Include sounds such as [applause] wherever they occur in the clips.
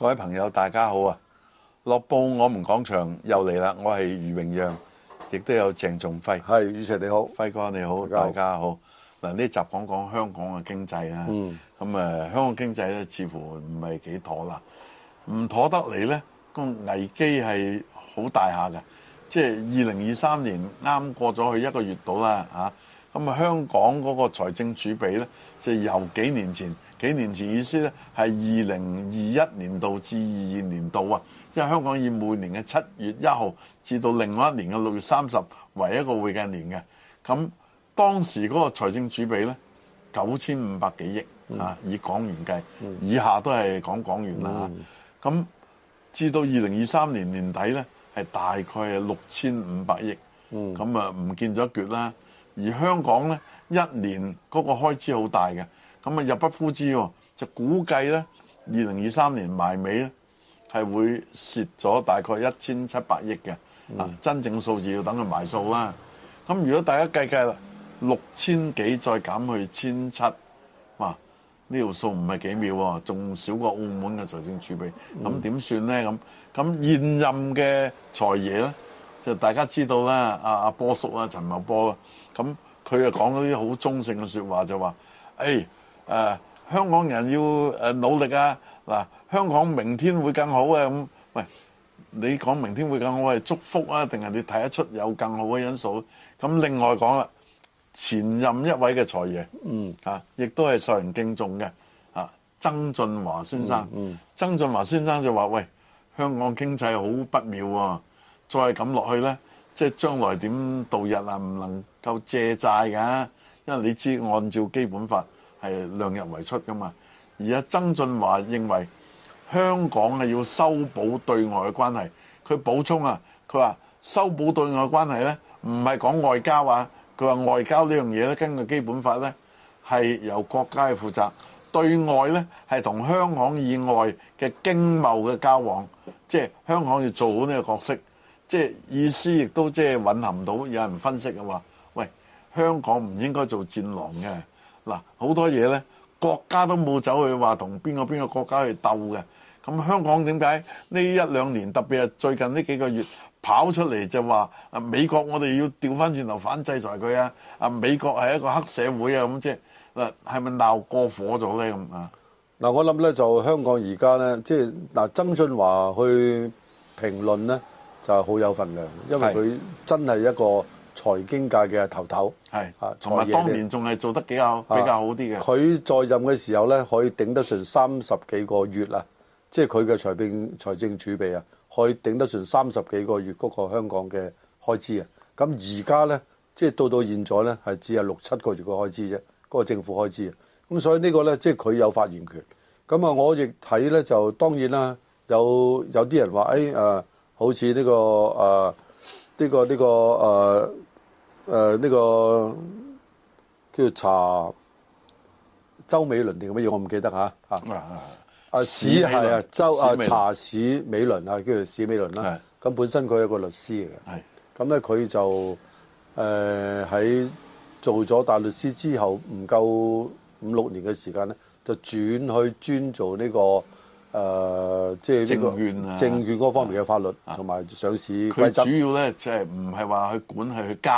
各位朋友，大家好啊！《樂報》我們講場又嚟啦，我係余榮讓，亦都有鄭仲輝。係，宇石你好，輝哥你好，大家好。嗱，呢集講講香港嘅經濟啊。嗯。咁、嗯、香港經濟咧，似乎唔係幾妥啦。唔妥得嚟咧，咁危機係好大下㗎。即係二零二三年啱過咗去一個月度啦，吓。咁啊！香港嗰個財政儲備呢，就由幾年前，幾年前意思呢，係二零二一年度至二二年度啊。因為香港以每年嘅七月一號至到另外一年嘅六月三十為一個會計年嘅。咁當時嗰個財政儲備呢，九千五百幾億啊，以港元計，以下都係講港元啦。咁至到二零二三年年底呢，係大概係六千五百億。咁啊，唔見咗一橛啦。而香港呢一年嗰個開支好大嘅，咁啊入不敷支喎，就估計呢二零二三年埋尾呢係會蝕咗大概一千七百億嘅。啊，真正數字要等佢埋數啦。咁如果大家計計啦，六千幾再減去千七，哇呢條數唔係幾妙喎，仲少過澳門嘅財政儲備，咁點算呢？咁咁現任嘅財爺呢？就大家知道啦，阿阿波叔啦，陳茂波啦，咁佢就講嗰啲好中性嘅說話，就話：誒、哎，誒、呃，香港人要誒努力啊！嗱，香港明天會更好啊咁。喂，你講明天會更好係祝福啊，定係你睇得出有更好嘅因素？咁另外講啦，前任一位嘅財爺，嗯，啊，亦都係受人敬重嘅，啊，曾俊華先生，嗯嗯、曾俊華先生就話：喂，香港經濟好不妙啊！再係咁落去呢，即係將來點度日啊？唔能夠借債㗎，因為你知按照基本法係量入為出㗎嘛。而家曾俊華認為香港係要修補對外嘅關係。佢補充啊，佢話修補對外關係呢，唔係講外交啊。佢話外交呢樣嘢呢，根據基本法呢係由國家去負責，對外呢係同香港以外嘅經貿嘅交往，即係香港要做好呢個角色。即係意思亦都即係蘊含到有人分析嘅話，喂，香港唔應該做戰狼嘅。嗱，好多嘢咧，國家都冇走去話同邊個邊個國家去鬥嘅。咁香港點解呢一兩年特別係最近呢幾個月跑出嚟，就話啊，美國我哋要調翻轉頭反制裁佢啊，啊，美國係一個黑社會啊。咁，即係嗱，係咪鬧過火咗咧？咁，啊，嗱，我諗咧，就香港而家咧，即係嗱，曾俊華去評論咧。就係好有份量，因為佢真係一個財經界嘅頭頭係啊，同埋當年仲係做得比較、啊、比較好啲嘅。佢在任嘅時候呢，可以頂得上三十幾個月啦，即係佢嘅財政財政儲備啊，可以頂得上三十幾個月嗰個香港嘅開支啊。咁而家呢，即係到到現在呢，係、只係、只有六七個月嘅開支啫。嗰、嗰個政府開支啊，咁所以呢個呢，即係佢有發言權。咁啊，我亦睇呢，就當然啦，有有啲人話好似呢個誒，呃呢個呢個誒誒呢個叫查周美倫定乜嘢？我唔記得吓吓。啊史係啊，周啊，史啊查史美倫啊，叫做史美倫啦。咁本身佢係個律師嚟嘅。係。咁咧佢就誒喺做咗大律師之後，唔夠五六年嘅時間咧，就轉去專做呢個。誒、呃，即係證券政證券嗰方面嘅法律同埋、啊、上市規則。佢主要咧，即係唔係話去管，係去監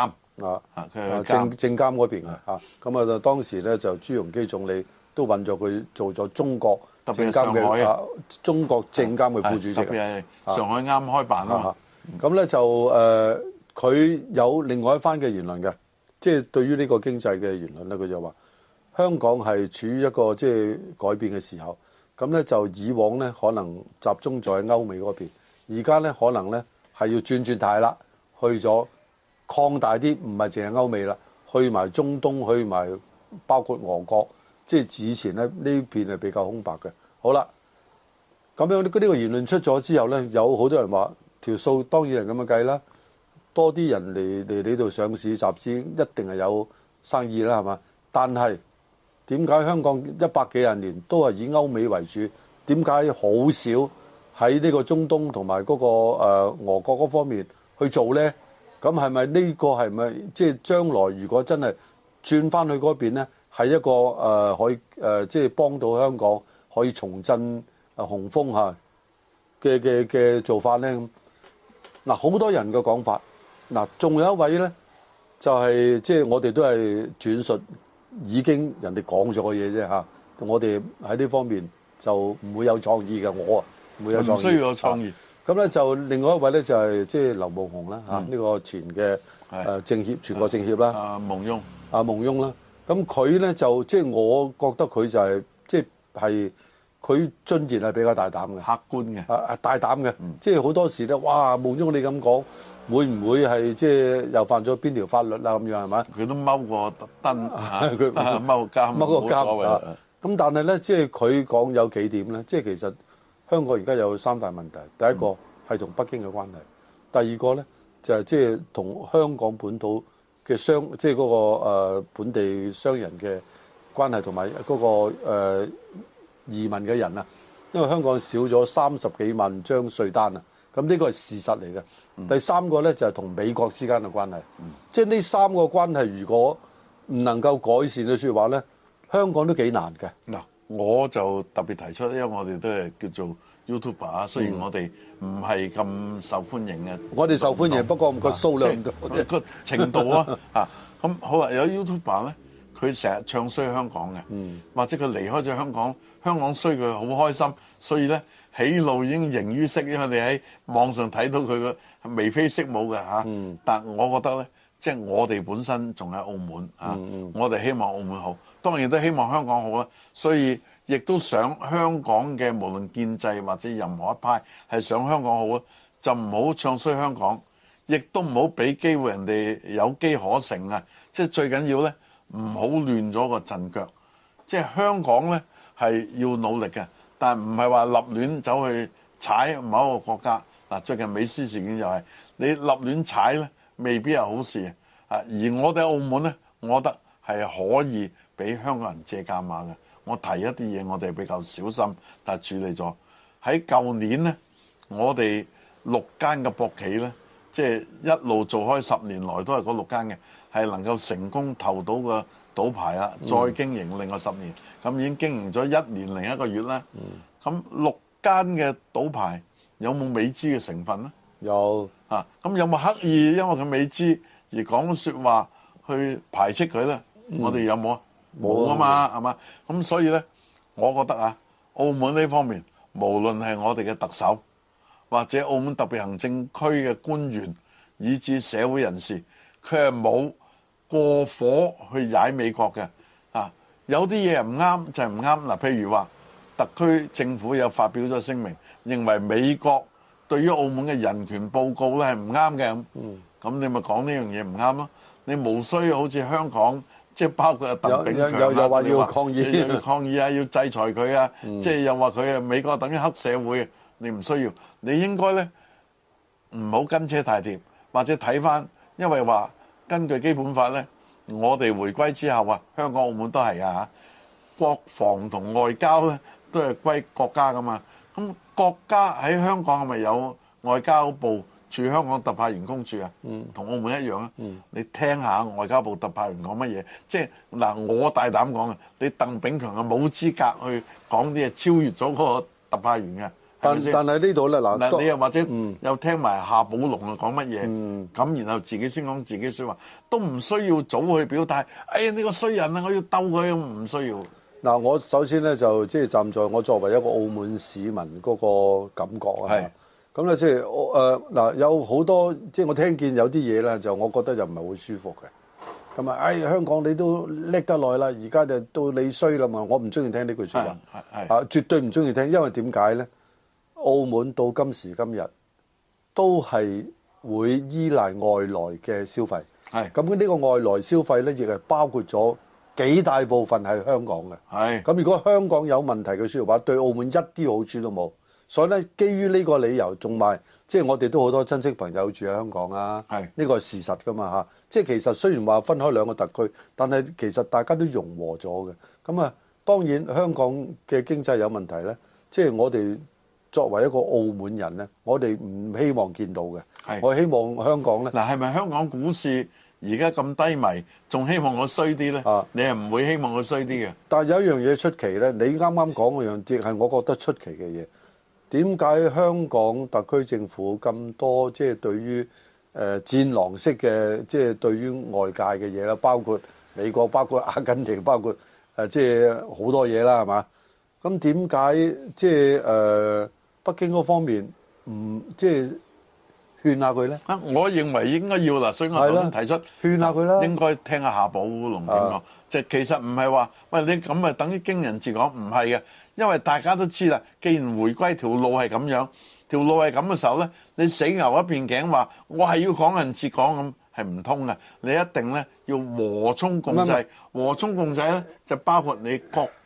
啊佢係證證監嗰邊啊。咁啊，當時咧就朱鎔基總理都搵咗佢做咗中國證監嘅、啊、中國證監嘅副主席。是啊是啊、特別係上海啱開辦啦、啊。咁咧、啊嗯、就誒，佢、呃、有另外一番嘅言論嘅，即、就、係、是、對於呢個經濟嘅言論咧，佢就話香港係處於一個即係、就是、改變嘅時候。咁咧就以往咧可能集中在歐美嗰邊，而家咧可能咧係要轉轉態啦，去咗擴大啲，唔係淨係歐美啦，去埋中東，去埋包括韓國，即係之前咧呢片係比較空白嘅。好啦，咁樣呢個言論出咗之後咧，有好多人話條數當然係咁樣計啦，多啲人嚟嚟呢度上市集資，一定係有生意啦，係嘛？但係點解香港一百幾十年都係以歐美為主？點解好少喺呢個中東同埋嗰個誒俄國嗰方面去做呢？咁係咪呢個係咪即係將來如果真係轉翻去嗰邊咧，係一個誒可以誒即係幫到香港可以重振啊雄風嚇嘅嘅嘅做法呢？嗱，好多人嘅講法，嗱，仲有一位呢，就係即係我哋都係轉述。已經人哋講咗嘅嘢啫嚇，我哋喺呢方面就唔會有創意嘅，我唔會有創意，我唔需要有創意。咁、啊、咧就另外一位咧就係即係劉慕紅啦，呢個前嘅政協全國政協啦。阿、啊、蒙雍，阿、啊、蒙雍啦，咁佢咧就即係、就是、我覺得佢就係即係。就是是佢進言係比較大膽嘅，客觀嘅，啊啊大膽嘅、嗯，即係好多時咧，哇！夢中你咁講，會唔會係即係又犯咗邊條法律啦咁樣係咪？佢都踎過特登，佢踎監，踎過監。咁但係咧，即係佢講有幾點咧？即係其實香港而家有三大問題，第一個係同北京嘅關係、嗯，第二個咧就係即係同香港本土嘅商，即係嗰個、呃、本地商人嘅關係，同埋嗰個、呃移民嘅人啊，因為香港少咗三十幾萬張稅單啊，咁呢個係事實嚟嘅、嗯。第三個咧就係同美國之間嘅關係，嗯、即係呢三個關係如果唔能夠改善嘅說話咧，香港都幾難嘅。嗱，我就特別提出，因為我哋都係叫做 YouTuber 啊，雖然我哋唔係咁受歡迎嘅，我哋受歡迎，嗯，多多歡迎多多啊、不過個數量唔多、啊就係嗰個、程度啊，咁、 [laughs] 啊、好啦，有 YouTuber 咧。佢成日唱衰香港嘅，或者佢離開咗香港，香港衰佢好開心，所以呢，喜怒已經形於色。因為你喺網上睇到佢個眉飛色舞嘅嚇，但我覺得呢，即係我哋本身仲喺澳門啊、嗯嗯，我哋希望澳門好，當然都希望香港好啊。所以亦都想香港嘅，無論建制或者任何一派係想香港好啊，就唔好唱衰香港，亦都唔好俾機會人哋有機可乘啊！即係最緊要呢。唔好亂咗個陣腳，即係香港呢係要努力嘅，但唔係話立亂走去踩某一個國家。嗱，最近美斯事件就係你立亂踩呢未必係好事啊！而我哋澳門呢，我覺得係可以俾香港人借鑑吓嘅。我提一啲嘢，我哋比較小心，但係處理咗喺舊年呢，我哋六間嘅博企呢，即係一路做開十年來都係嗰六間嘅。係能夠成功投到個賭牌啦、啊，再經營另外十年，咁、嗯、已經經營咗一年零一個月啦。咁、嗯、六間嘅賭牌有冇美資嘅成分呢？有啊，咁有冇刻意因為佢美資而講說話去排斥佢呢？嗯、我哋有冇啊？冇啊嘛，係嘛？咁所以呢，我覺得啊，澳門呢方面，無論係我哋嘅特首或者澳門特別行政區嘅官員，以至社會人士，佢係冇。過火去踩美國嘅啊，有啲嘢唔啱就係唔啱嗱。譬如話，特區政府又發表咗聲明，認為美國對於澳門嘅人權報告咧係唔啱嘅。咁你咪講呢樣嘢唔啱咯。你冇需好似香港，即係包括啊，鄧炳強話要抗議，抗議啊，要制裁佢啊，即係又話佢啊，美國等於黑社會，你唔需要。你應該呢，唔好跟車太貼，或者睇翻，因為話。根據基本法咧，我哋回歸之後啊，香港、澳門都係啊嚇國防同外交咧都係歸國家噶嘛。咁國家喺香港係咪有外交部駐香港特派員公署啊？嗯，同澳門一樣啊。嗯，你聽下外交部特派員講乜嘢？即係嗱，我大膽講啊，你鄧炳強啊冇資格去講啲嘢超越咗個特派員嘅。但但係呢度咧嗱，你又或者又聽埋夏寶龍啊講乜嘢，咁、嗯、然後自己先講自己説話，都唔需要早去表態。哎呀，你、呢個衰人啊，我要鬥佢，唔需要。嗱、啊，我首先咧就即係站在我作為一個澳門市民嗰個感覺、嗯、啊，咁咧即係我嗱，有好多即係、就是、我聽見有啲嘢咧，就我覺得就唔係好舒服嘅。咁啊，哎香港你都叻得耐啦，而家就到你衰啦嘛，我唔中意聽呢句説話，係係啊，絕對唔中意聽，因為點解咧？澳門到今時今日都係會依賴外來嘅消費，係咁嘅。呢個外來消費呢，亦係包括咗幾大部分係香港嘅，係咁。如果香港有問題嘅説話，對澳門一啲好處都冇。所以呢，基於呢個理由，仲埋即係我哋都好多親戚朋友住喺香港啊，係呢個係事實㗎嘛嚇。即係其實雖然話分開兩個特區，但係其實大家都融和咗嘅。咁啊，當然香港嘅經濟有問題呢，即係我哋。作為一個澳門人呢，我哋唔希望見到嘅。係，我希望香港呢，嗱，係咪香港股市而家咁低迷，仲希望我衰啲呢？啊，你係唔會希望我衰啲嘅？但係有一樣嘢出奇呢，你啱啱講嗰樣即係我覺得出奇嘅嘢。點解香港特區政府咁多即係對於誒戰狼式嘅，即係對於外界嘅嘢啦，包括美國，包括阿根廷，包括誒即係好多嘢啦，係嘛？咁點解即係誒？北京嗰方面唔即係勸下佢咧？啊，我認為應該要啦，所以我首先提出勸下佢啦。應該聽下夏寶龍點講，就是，其實唔係話喂，你咁啊，等於驚人治港唔係嘅，因為大家都知啦。既然回歸條路係咁樣的，條路係咁嘅時候咧，你死牛一邊頸話我係要講港人治港咁係唔通嘅，你一定咧要和衷共濟，和衷共濟咧就包括你國。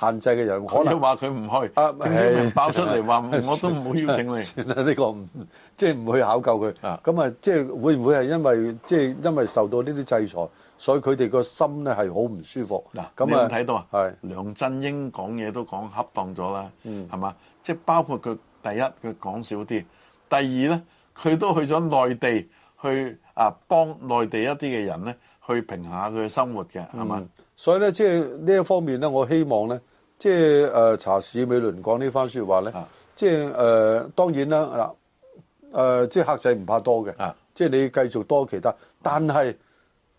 限制嘅人，可能話佢唔去，啊、爆出嚟話、啊，我都唔會邀請你。算啦，呢、這個唔即係唔會考究佢。咁啊，即係、就是、會唔會係因為即係、就是、因為受到呢啲制裁，所以佢哋個心咧係好唔舒服。嗱，咁啊，睇到啊，係梁振英講嘢都講恰當咗啦，係、嗯、嘛？即係、就是、包括佢第一，佢講少啲；第二咧，佢都去咗內地去啊，幫內地一啲嘅人咧，去評下佢嘅生活嘅，係嘛、嗯？所以咧，即係呢一方面咧，我希望咧。即係誒查史美倫講呢番説話咧，即係誒當然啦嗱，誒即係客仔唔怕多嘅，啊，即係你繼續多其他，但係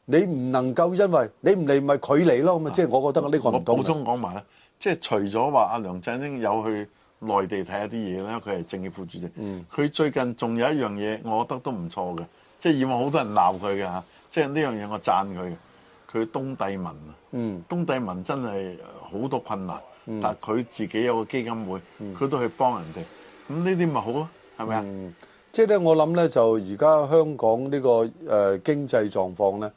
你唔能夠因為你唔嚟咪佢嚟咯咁啊！即係我覺得呢個唔到。我補充講埋咧，即係除咗話阿梁振英有去內地睇下啲嘢咧，佢係政協副主席，嗯，佢最近仲有一樣嘢，我覺得都唔錯嘅，即係以往好多人鬧佢嘅嚇，即係呢樣嘢我讚佢，佢東帝汶啊，嗯，東帝汶真係好多困難。嗯、但佢自己有個基金會，佢都去幫人哋，咁、嗯嗯就是、呢啲咪好咯，係咪啊？即係咧，我諗咧就而家香港、這個呃、呢個誒經濟狀況咧，誒、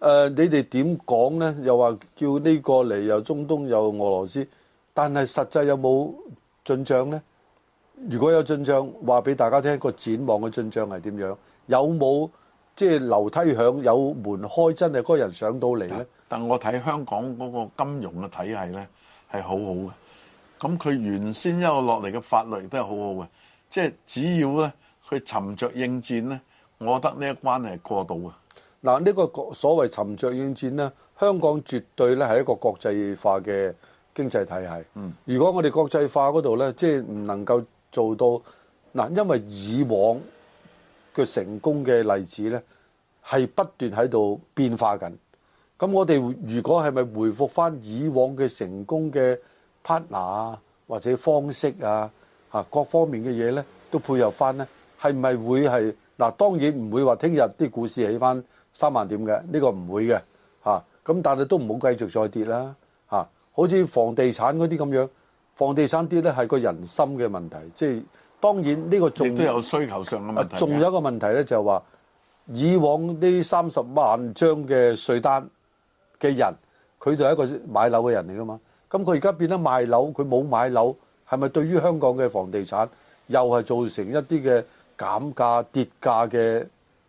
呃、你哋點講咧？又話叫呢個嚟，又中東又俄羅斯，但係實際有冇進賬咧？如果有進賬，話俾大家聽個展望嘅進賬係點樣？有冇即係樓梯響有門開，真係嗰個人上到嚟咧？但我睇香港嗰個金融嘅體系咧。係好好嘅，咁佢原先一路落嚟嘅法律亦都係好好嘅，即係只要咧，佢沉着應戰咧，我覺得呢一關係過到啊。嗱，呢個所謂沉着應戰咧，香港絕對咧係一個國際化嘅經濟體系。嗯，如果我哋國際化嗰度咧，即係唔能夠做到嗱，因為以往嘅成功嘅例子咧，係不斷喺度變化緊。咁我哋如果係咪回覆翻以往嘅成功嘅 partner 啊，或者方式啊，嚇各方面嘅嘢呢都配合翻呢？係咪會係嗱？當然唔會話聽日啲股市起翻三萬點嘅，呢個唔會嘅嚇。咁但係都唔好繼續再跌啦嚇。好似房地產嗰啲咁樣，房地產跌呢係個人心嘅問題，即係當然呢個仲都有需求上嘅問題。仲有一個問題呢，就係話以往呢三十萬張嘅稅單。嘅人，佢就係一個買樓嘅人嚟噶嘛。咁佢而家變咗賣樓，佢冇買樓，係咪對於香港嘅房地產又係造成一啲嘅減價跌價嘅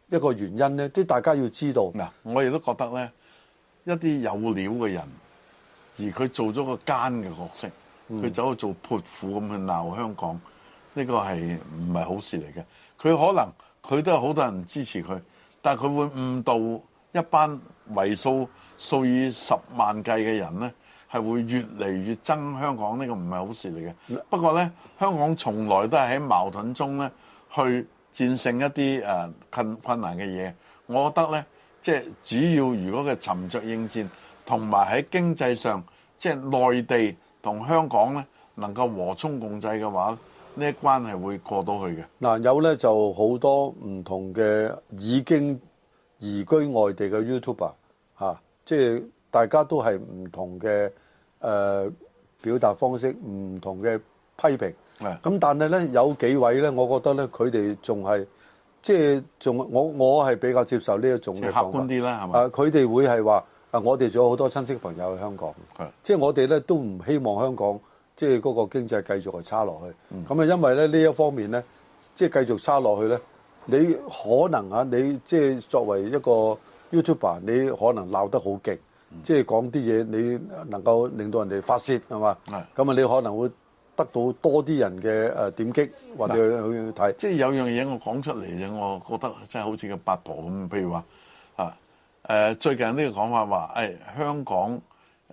一個原因呢？即係大家要知道嗱，我亦都覺得呢，一啲有料嘅人，而佢做咗個奸嘅角色，佢走去做潑婦咁去鬧香港，呢、嗯呢個係唔係好事嚟嘅？佢可能佢都有好多人支持佢，但佢會誤導一班為數。數以十萬計嘅人呢，係會越嚟越憎香港呢、呢個唔係好事嚟嘅。不過呢，香港從來都係喺矛盾中呢，去戰勝一啲困、呃、困難嘅嘢。我覺得呢，即係主要如果佢沉着應戰，同埋喺經濟上即係內地同香港呢，能夠和衷共濟嘅話，呢一關係會過到去嘅嗱、啊。有呢，就好多唔同嘅已經移居外地嘅 YouTuber。即係大家都係唔同嘅誒、呃、表達方式，唔同嘅批評。咁但係咧，有幾位咧，我覺得咧，佢哋仲係即係仲我我係比較接受呢一種嘅講法。誒，佢哋、啊、會係話、啊、我哋仲有好多親戚朋友喺香，香港。即係我哋咧都唔希望香港即係嗰個經濟繼續係差落去。咁啊，因為咧呢一方面咧，即係繼續差落去咧，你可能啊，你即係作為一個。YouTuber，你可能鬧得好勁，即係講啲嘢，你能夠令到人哋發泄係嘛？咁啊，那你可能會得到多啲人嘅誒點擊或者去睇。即係、就是、有樣嘢我講出嚟啫，我覺得真係好似個八婆咁。譬如話啊誒、呃，最近呢個講法話，誒、哎、香港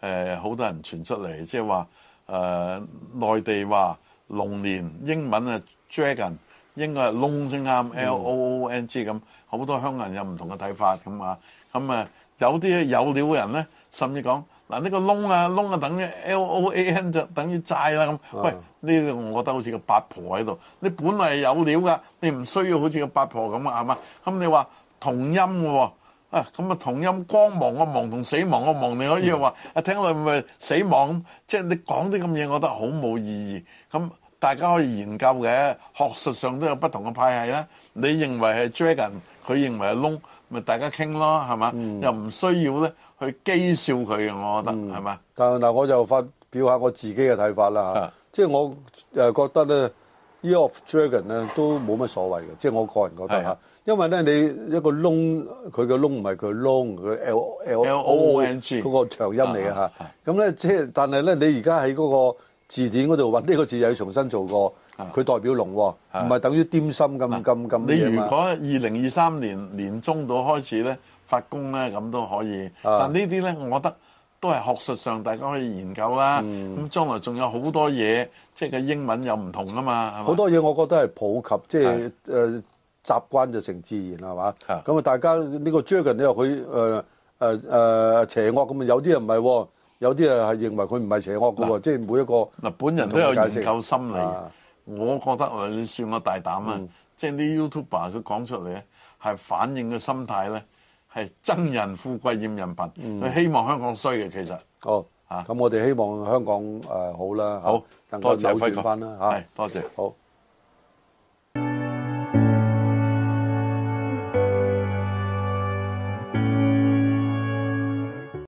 誒好、呃、多人傳出嚟，即係話誒內地話龍年英文啊 dragon 應該係 long 先啱、嗯、L O O N G 咁。好多香港人有唔同嘅睇法咁啊，咁啊有啲有料嘅人咧，甚至講嗱呢個窿啊窿啊，等於 loan 就等於債啦咁。喂，呢個我覺得好似個八婆喺度，你本來係有料噶，你唔需要好似個八婆咁啊，係嘛？咁你話同音喎，啊咁啊同音光芒個芒同死亡個亡，你可以話啊，聽落咪死亡？即係你講啲咁嘢，我覺得好冇意義。咁大家可以研究嘅，學術上都有不同嘅派系啦。你認為係 dragon？佢認為係窿，咪大家傾咯，係嘛、嗯？又唔需要咧去譏笑佢嘅，我覺得係嘛、嗯？但嗱，我就發表下我自己嘅睇法啦、啊、即係我誒覺得咧，Year of Dragon 咧都冇乜所謂嘅。即係我個人覺得、啊、因為咧你一個窿，佢嘅窿唔係佢窿，佢 L, L L O O N G 嗰個長音嚟嘅。咁咧即係，但係咧你而家喺嗰個。字典嗰度揾呢個字又要重新做過，佢、啊、代表龍喎、哦，唔係、啊、等於貪心咁咁咁。你如果二零二三年年中到開始咧發工咧，咁都可以。啊、但呢啲咧，我覺得都係學術上大家可以研究啦。咁、嗯、將來仲有好多嘢，即、就、係、是、英文又唔同啊嘛。好多嘢我覺得係普及，即係誒習慣就成自然係嘛。咁啊，大家呢個 dragon 咧，佢誒誒誒邪惡咁啊，有啲人唔係喎。有啲啊係認為佢唔係邪惡噶喎，即係、就是、每一個嗱，本人都有研究心理、啊嗯，我覺得你算我大膽啊！即、嗯、係啲、就是、YouTuber 佢講出嚟咧，係反映嘅心態咧，係憎人富貴厭人貧，佢、嗯、希望香港衰嘅其實。哦，咁、啊、我哋希望香港、呃、好啦，好，等我扭轉翻啦嚇，多謝，好。